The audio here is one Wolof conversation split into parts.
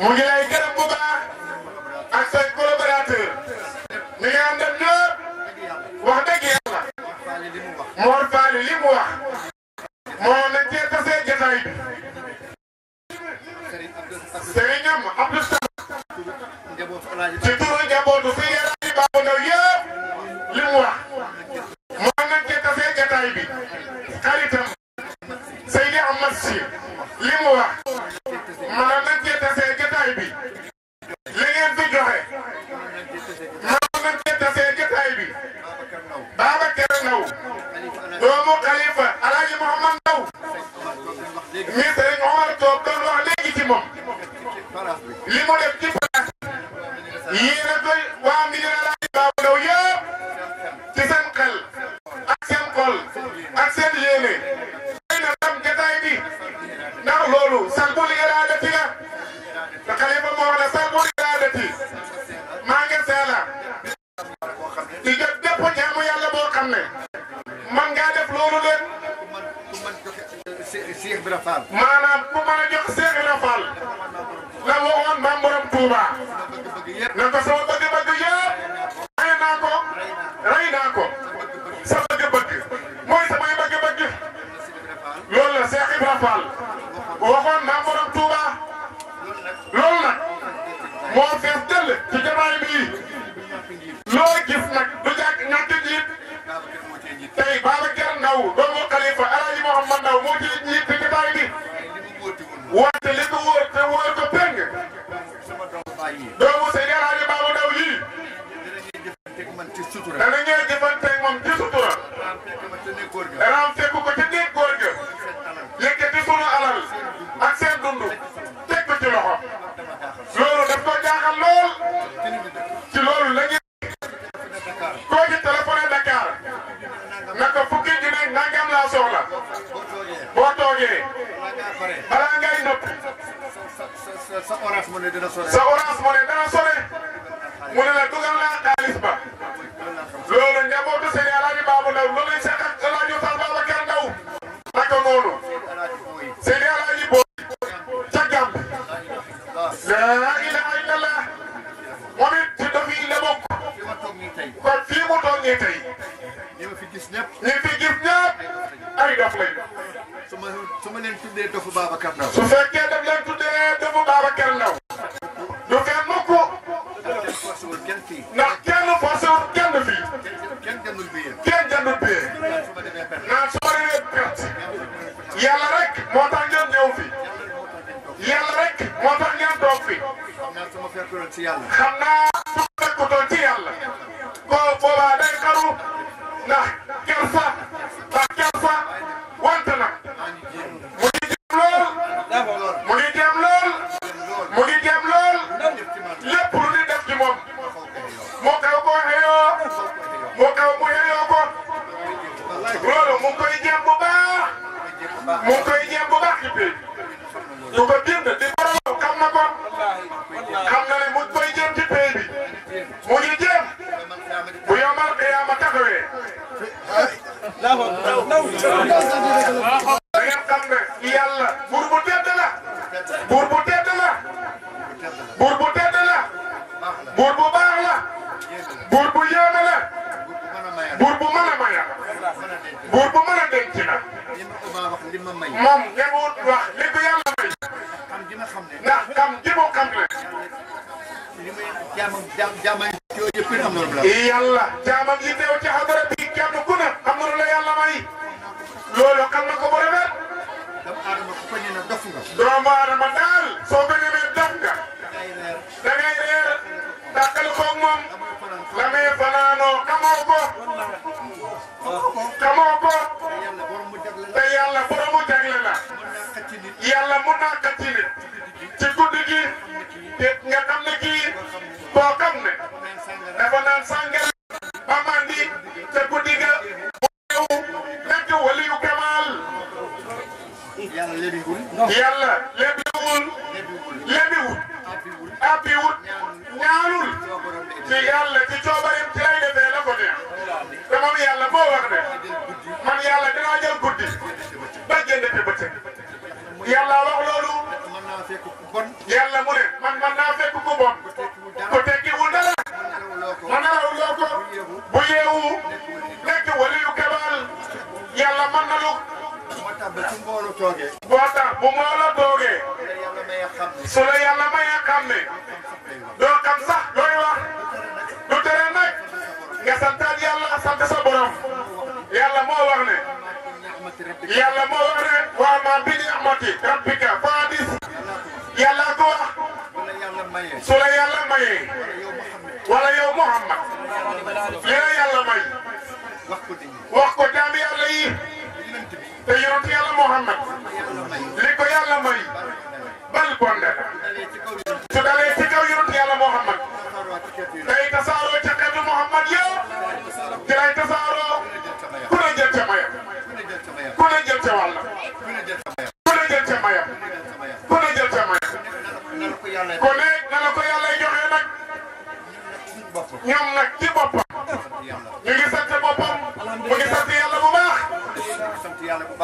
Okay. mi sëriñ Omar Diop doon wax léegi ci moom li mu def ci Gopal. Segurança Municipal. nekkutoon ci yàlla. xam naa bu nekkutoon ci yàlla. koo boobaa day kersa ndax kersa wante mu ngi dem lool mu ngi dem lool mu ngi dem lool lépp moom moo kaw koo xëyoo moo kaw mu xëyoo ko loolu mu ngi koy jéem bu baax mu ngi koy jéem bu baax ci biir du ko bind. da nga xam ne yàlla buur bu tedd la buur bu tedd la buur bu tedd la buur bu baax la buur bu yéeme la buur bu mën a maya buur bu mën a denc la moom ñëwut wax li ko yàlla may ndax xam ji mu xam ne loolu xam na ko bu rafet. doomu aadama ku ko ñu ne daal. soo ko ñemee dof nga. da moom. la ngay fanaanoo xamoo ko. xamoo ko. te yàlla boromu jagle la. yàlla mun naa xëcc nit. ci guddi gi. nga xam ne kii. boo xam ne. dafa naan sàngara. يلا la yàlla mayee wala yow Muhammad li la yàlla may wax ko jaami yàlla yi te yonent yàlla Muhammad li ko yàlla may bal bonde su dalee ci kaw yonent yàlla Muhammad day tasaaroo ca xeetu Muhammad yow ci lay tasaaroo ku ne jël ca mayam ku ne jël ca wàll nag ci boppam ñu ngi sant boppam mu ngi sant yàlla bu baax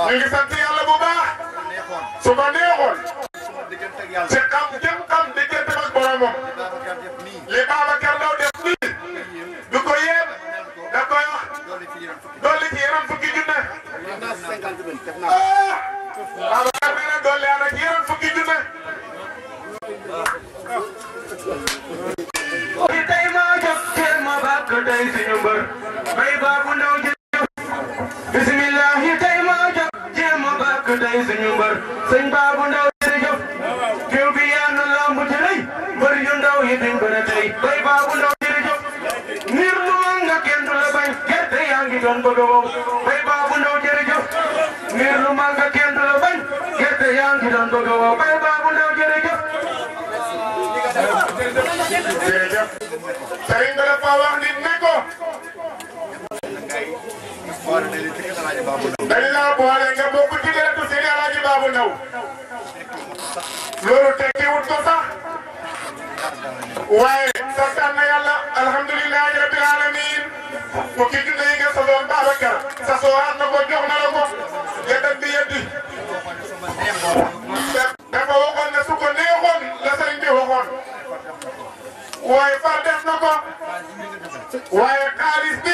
ñu ngi sant yàlla bu baax su ko neexoon. mànga kenn du la bañ gerte yaa ngi doon bëgg a woo bay baabu ndaw jërëjëf. jërëjëf. Serigne bi dafa wax nit ne ko. dañ laa boole nga bokk ci deretu si El Hadj Babou Ndaw. loolu tekki wut ko sax. waaye sant na yàlla alhamdulilahi rabbil alamin bu ki juddee nga sa doom Babacar sa sooraat na ko jox na la ko. waaye Fadef na Why waaye xaalis this?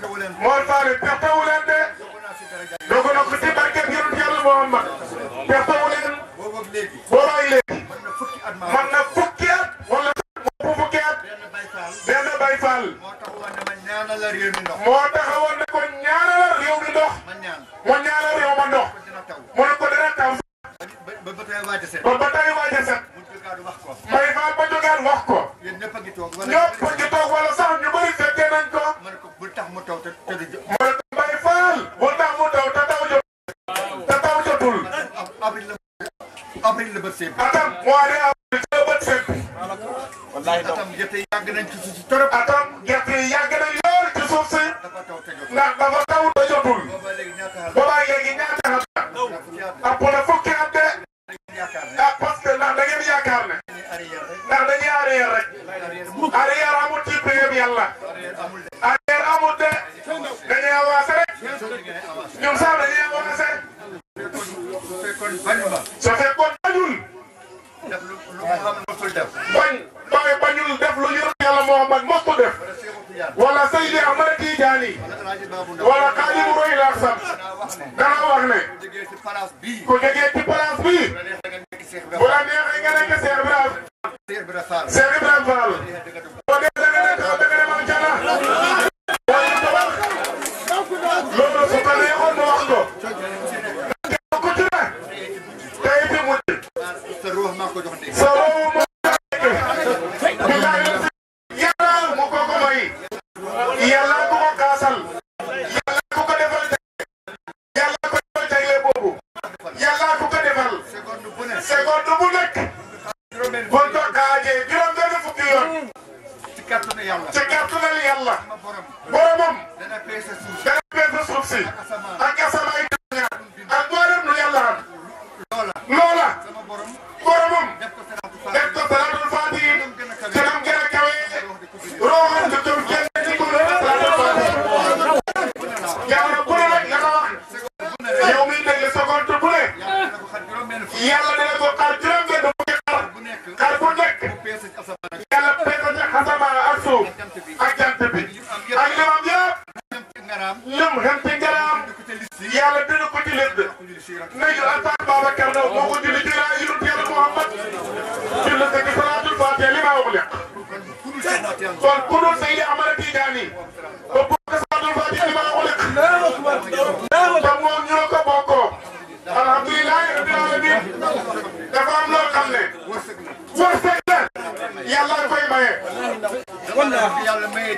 mool faale pextewu leen de dogo na ko ci barket yonent yàlla Muhammad pextewu leen boobaay léegi man na fukki at wala bu fukki at benn bayfaal moo tax wallaahi donc atam gerte yi yàgg nañ ci suuf si trop. atam gerte yi yàgg nañ lool ci suuf si. ndax dafa taw bu la neexee nga nekk Cheikh Ibrahima Cheikh Ibrahima Fall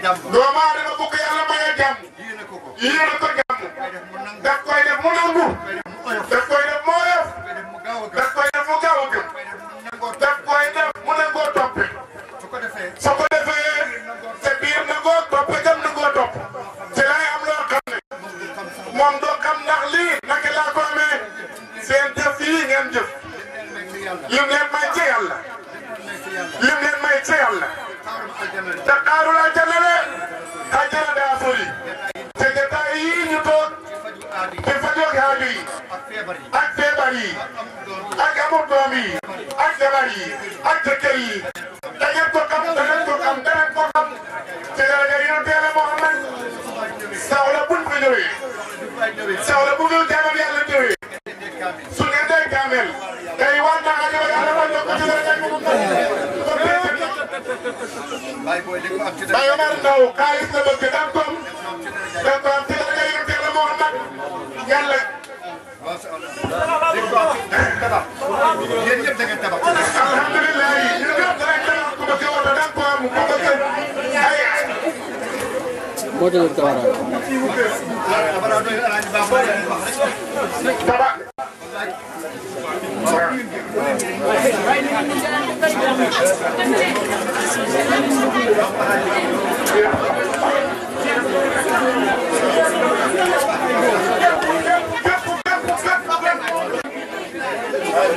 jàmm. doomu aadama bu ko yàlla mayee jàmm. yéene ko ko yéene ko jàmm. daf koy mu nangu. daf koy def mu oyof. mu gaaw a gëm. daf koy def mu nangoo toppe. su ko defee sa biir nangoo toppe gëm nangoo topp. ci laay am loo xam ne. moom doo xam ndax lii naka laa ko amee. seen jëf yi ngeen jëf. lim leen may ci yàlla. lim leen may ci yàlla. te xaarul doomu doom yi ak jabar yi ak jëkkër yi da ngeen ko xam da ngeen ko xam da ngeen ko xam te dara nga yéen teel a Mouhamad saw la buñ ko ñëwee saw la bu ñu jaamal yàlla ñëwee su ngeen day kaamel day war naa nga ñëwee yàlla war na ko ci dara ko Baye Omar Ndaw xaalis la bëgg da ko am da ko am te dara nga yéen teel a Mouhamad yàlla. yéen ñëpp da Thank you.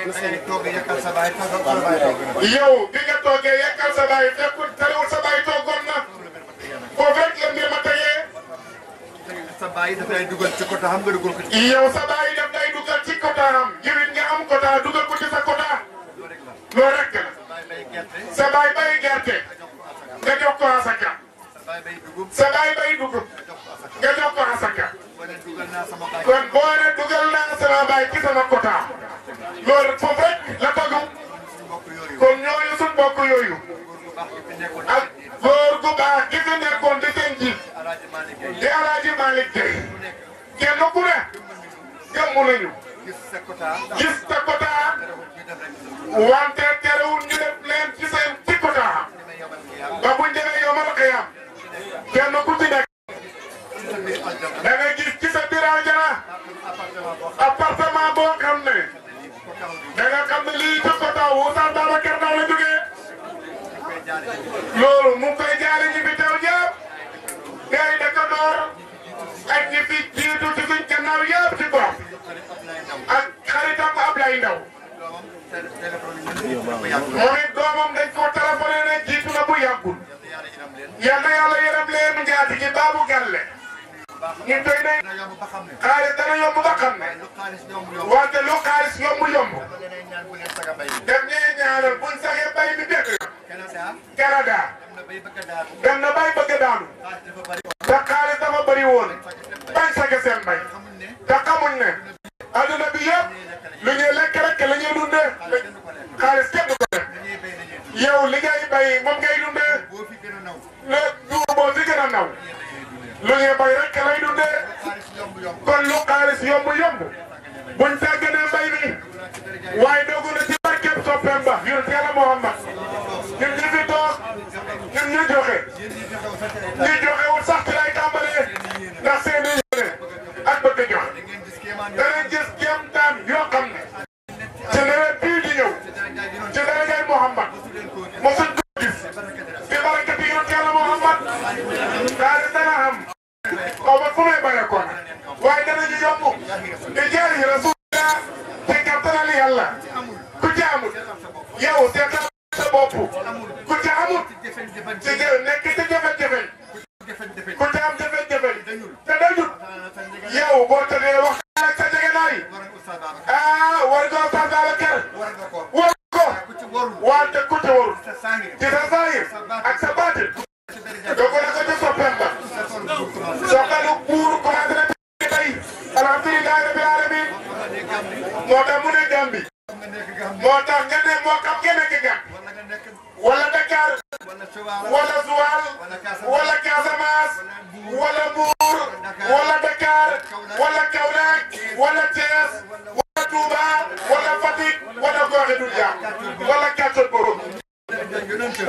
yow bi nga toogee yekkal sa baay fekkul terewul sa baay toogoon na. boo fekk la mbir ma tëyee. sa baay daf lay dugal ci quota am nga dugal ko ci. yow sa baay daf lay dugal ci quota am jëriñ nga am quota dugal ko ci sa quota. loolu rek la. sa baay gerte. nga jox ko asaka. sa baay bay dugub. nga jox ko asaka. kon boo ne dugal naa sama baay ci sama loolu rek foofu la taggu kon ñooñu suñ mbokk yooyu ak góor gu baax gi fi nekkoon di seen ji di Alaaji Malick Gueye kenn ku ne gëmm nañu gis sa kota wante terewul ñu def leen ci seen ci kota ba bu njëlee yomal xiyam kenn ku ci nekk da nga gis ci sa biir boo xam ne da nga xam ne lii tëb ko taw a Babacar Ndaw la jógee loolu mu koy jaari ñi fi teew yëpp ngay dëkkandoor ak ñi fi jiitu ci suñ gannaaw yëpp ci gox ak xaritam Ablaye Ndaw moom it doomam dañ ko téléphoné ne jiitu na bu yàggul yal na yàlla yaram leen njaati ci baabu galle ñun doy nañ. xaalis dana yomb ba xam ne. wante lu xaalis yomb yomb. def ñuy ñaanal buñ saxee bay mi dëkk. dem na bay bëgg daanu. te xaalis dafa bëri woon. bañ sage seen bay. te xamuñ ne. adduna bi yëpp. lu ñuy lekk rek la ñuy dundee. xaalis kenn du ko def. yow li ngay bay moom ngay dundee. loolu duur boo fi gën naw. lu ñuy bay rek lay dundee kon lu xaalis yomb yomb buñ tàggatee mbay mi waaye doogu na ci barkeb soppeem ba yonent Yàlla Muhammad ñun ñu fi toog ñun ñu joxe ñu joxe wul sax i yéene ak bëgg a joxe danañ gis kéemtaan yoo ne. yi rasulillah te kattanal yàlla ku ci amul yow seetal sa bopp ku ci amul ci jëf nekk ci jafe-jafe ku ci am jafe-jafe te dajul yow boo tëddee waxtaan ak ah, war nga war ko wante ku ci warul ci sa moo xam kenn ak gan wala Dakar wala Joal wala Casamance wala Mbour wala Dakar wala Kaolack wala Thiès wala Touba wala Fatick wala Gox-Idulya wala Kàttan Borom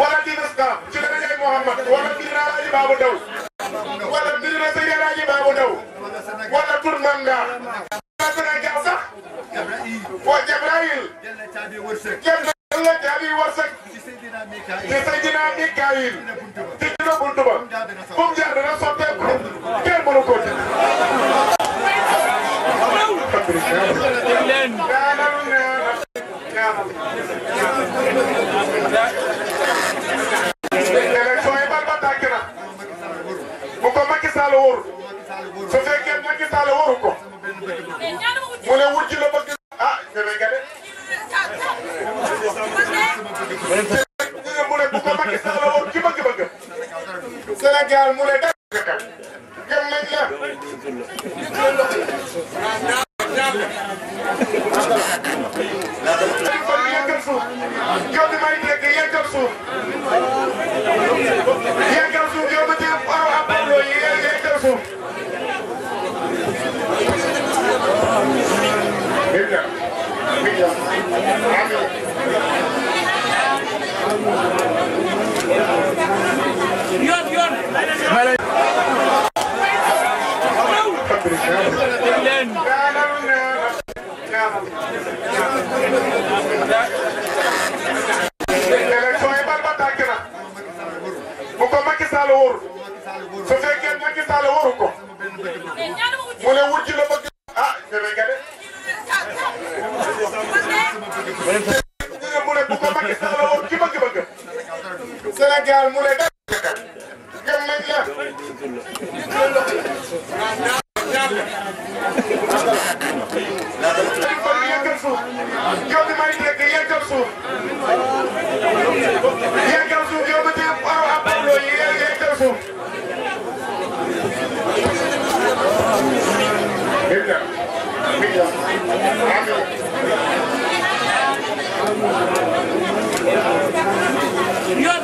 wala Dines Ba ci la Ndiaye Mouhamad wala Birina Aji Babou Ndaw wala Birina Seydi Aji Babou Ndaw wala Tourmanda wala Sénégal sax wa ñuy wërsëg te Seydina Mikaayil tëj na buntu ba fu mu jaar dana sotteeku kenn mënu ko ci. élection yi ban ba tàkk na bu ko Macky Sall wóor su fekkee Macky Sall wóor mu ne bu ko Macky Sall woon ci bëgg-bëgg Sénégal mu ne Yon,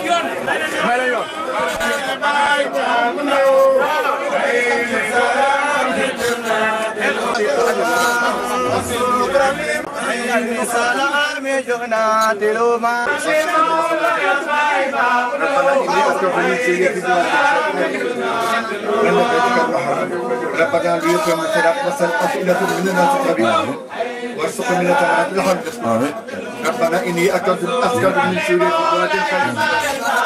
yon. Mera yon. Mera yon. سلام ربنا ليكرم الخلاف وسل karena ini akan akan menjadi pelatih kami.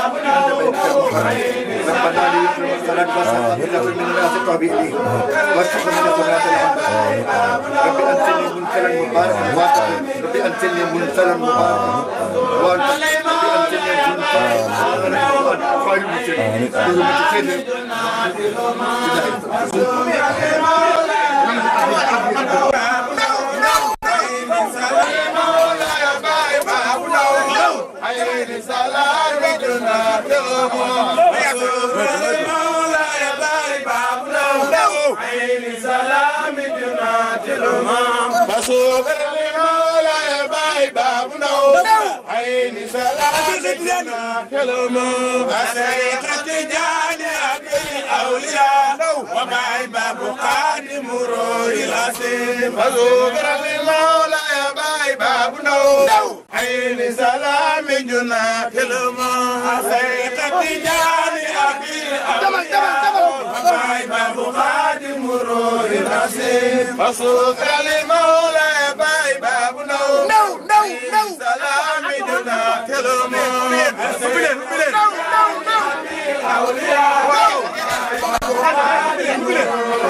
Terima kasih عين سلامتنا تغمر رسول المولى يا باري بابنا عين سلامتنا تغمر رسول المولى يا باري بابنا عين سلامتنا تغمر أسرقت جاني أبي أولياء وبعي باب قادم روي الأسير رسول المولى baabu ndaw ay li salaami juna kilima asay kati jaani abi abay baabu xaadi mururi nasi fasukali mawla bay baabu ndaw ndaw ndaw ndaw salaami juna kilima asay kati jaani abi awliya baabu xaadi mururi